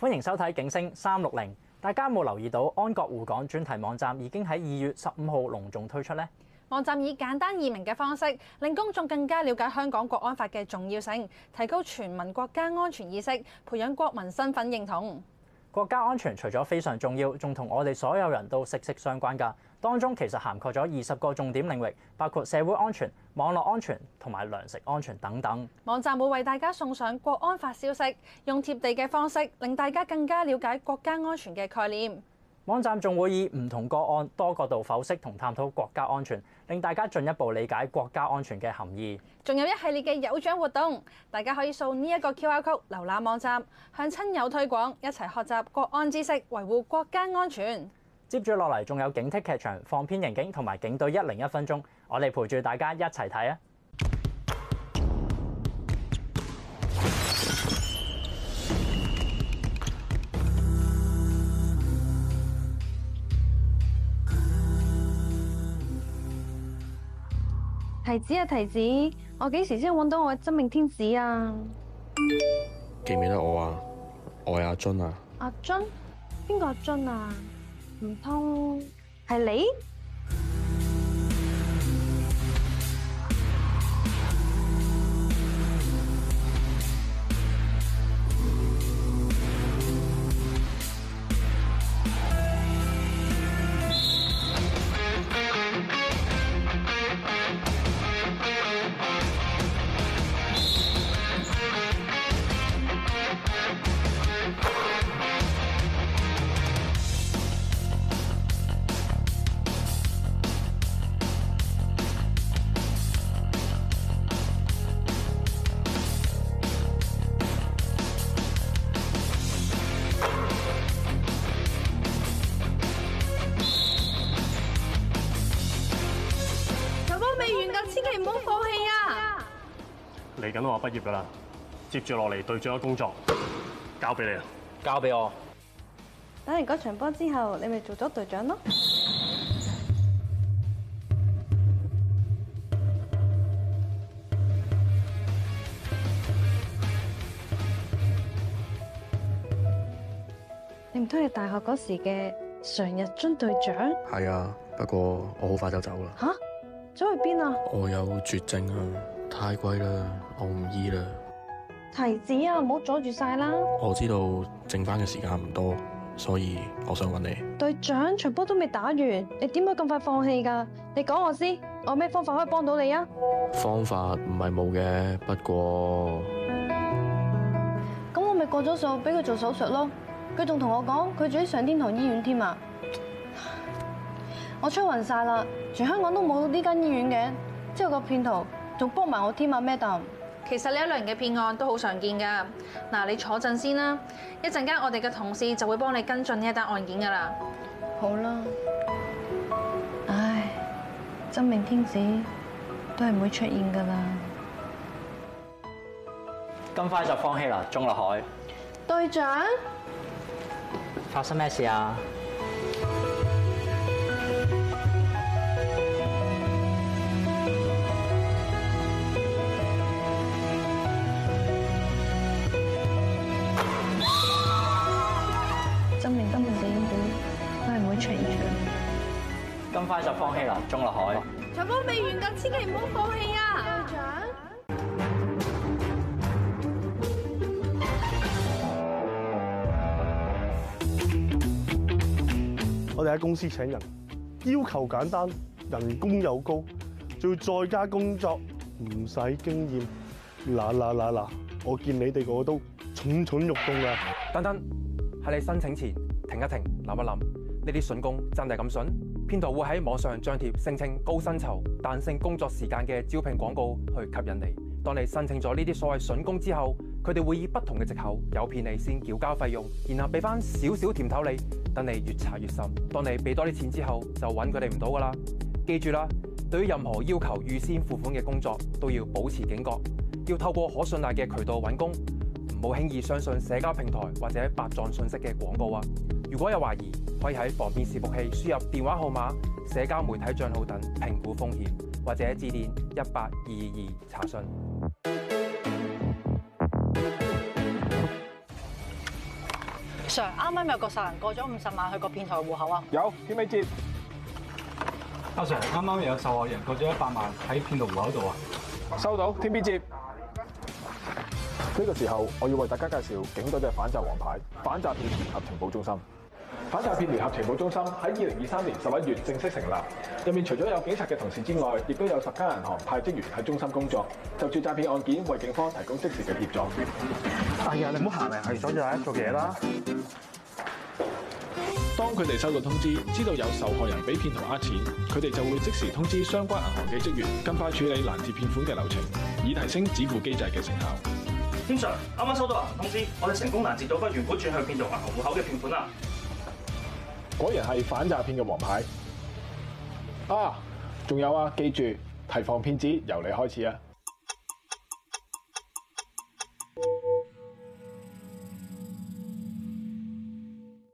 歡迎收睇《警聲三六零》，大家有冇留意到安國護港專題網站已經喺二月十五號隆重推出呢？網站以簡單易明嘅方式，令公眾更加了解香港國安法嘅重要性，提高全民國家安全意識，培養國民身份認同。國家安全除咗非常重要，仲同我哋所有人都息息相關㗎。當中其實涵蓋咗二十個重點領域，包括社會安全、網絡安全同埋糧食安全等等。網站會為大家送上國安法消息，用貼地嘅方式，令大家更加了解國家安全嘅概念。網站仲會以唔同個案多角度剖析同探討國家安全，令大家進一步理解國家安全嘅含義。仲有一系列嘅有獎活動，大家可以掃呢一個 QR code 瀏覽網站，向親友推廣，一齊學習國安知識，維護國家安全。接住落嚟仲有警惕劇場、放片刑警同埋警隊一零一分鐘，我哋陪住大家一齊睇啊！提子啊提子，我幾時先搵到我嘅真命天子啊？記唔記得我啊？我係阿樽啊。阿樽？邊個阿樽啊？唔通係你？嚟緊我畢業㗎喇，接住落嚟隊長嘅工作交俾你啦，交俾我。打完嗰場波之後，你咪做咗隊長咯。你唔通係大學嗰時嘅常日軍隊長？係啊，不過我好快就走啦。吓？走去邊啊？我有絕症啊！太貴啦，我唔醫啦。提子啊，唔好阻住晒啦。我知道剩翻嘅時間唔多，所以我想揾你。隊長，場波都未打完，你點會咁快放棄噶？你講我先，我咩方法可以幫到你啊？方法唔係冇嘅，不過咁我咪過咗數，俾佢做手術咯。佢仲同我講，佢住喺上天堂醫院添啊。我吹暈晒啦，全香港都冇呢間醫院嘅，之後個騙徒。仲幫埋我添啊，Madam。其實呢一類型嘅騙案都好常見㗎。嗱，你坐陣先啦，一陣間我哋嘅同事就會幫你跟進呢一單案件㗎啦。好啦，唉，真命天子都係唔會出現㗎啦。咁快就放棄啦，衝落海！隊長，發生咩事啊？快就放棄啦！中落海，長跑未完㗎，千祈唔好放棄啊！我哋喺公司請人，要求簡單，人工又高，仲要在家工作，唔使經驗。嗱嗱嗱嗱，我見你哋個個都蠢蠢欲動啊。等等，喺你申請前停一停，諗一諗，呢啲筍工真係咁筍？騙徒會喺網上張貼聲稱高薪酬、彈性工作時間嘅招聘廣告去吸引你。當你申請咗呢啲所謂筍工之後，佢哋會以不同嘅藉口誘騙你先繳交費用，然後俾返少少甜頭你，等你越查越深。當你俾多啲錢之後，就揾佢哋唔到㗎啦。記住啦，對於任何要求預先付款嘅工作，都要保持警覺，要透過可信賴嘅渠道揾工，唔好輕易相信社交平台或者白撞信息嘅廣告啊。如果有懷疑，可以喺防騙視伏器輸入電話號碼、社交媒體賬號等評估風險，或者致電一八二二二查詢。Sir，啱啱有個受害人過咗五十萬去個騙徒戶口啊？有，天咪接。阿、oh, Sir，啱啱有受害人過咗一百萬喺騙徒戶口度啊？收到，天咪接。呢、這個時候，我要為大家介紹警隊嘅反詐王牌——反詐調查及情報中心。反詐騙聯合情報中心喺二零二三年十一月正式成立，入面除咗有警察嘅同事之外，亦都有十間銀行派職員喺中心工作，就住詐騙案件為警方提供即時嘅協助。哎呀，你唔好行嚟，行去就係做嘢啦。當佢哋收到通知，知道有受害人俾騙徒呃錢，佢哋就會即時通知相關銀行嘅職員，更快處理攔截騙款嘅流程，以提升止付機制嘅成效。天 Sir，啱啱收到銀行通知，我哋成功攔截到筆原本轉向騙徒銀行戶口嘅騙款啦！果然係反詐騙嘅王牌啊！仲有啊，記住，提防騙子，由你開始啊！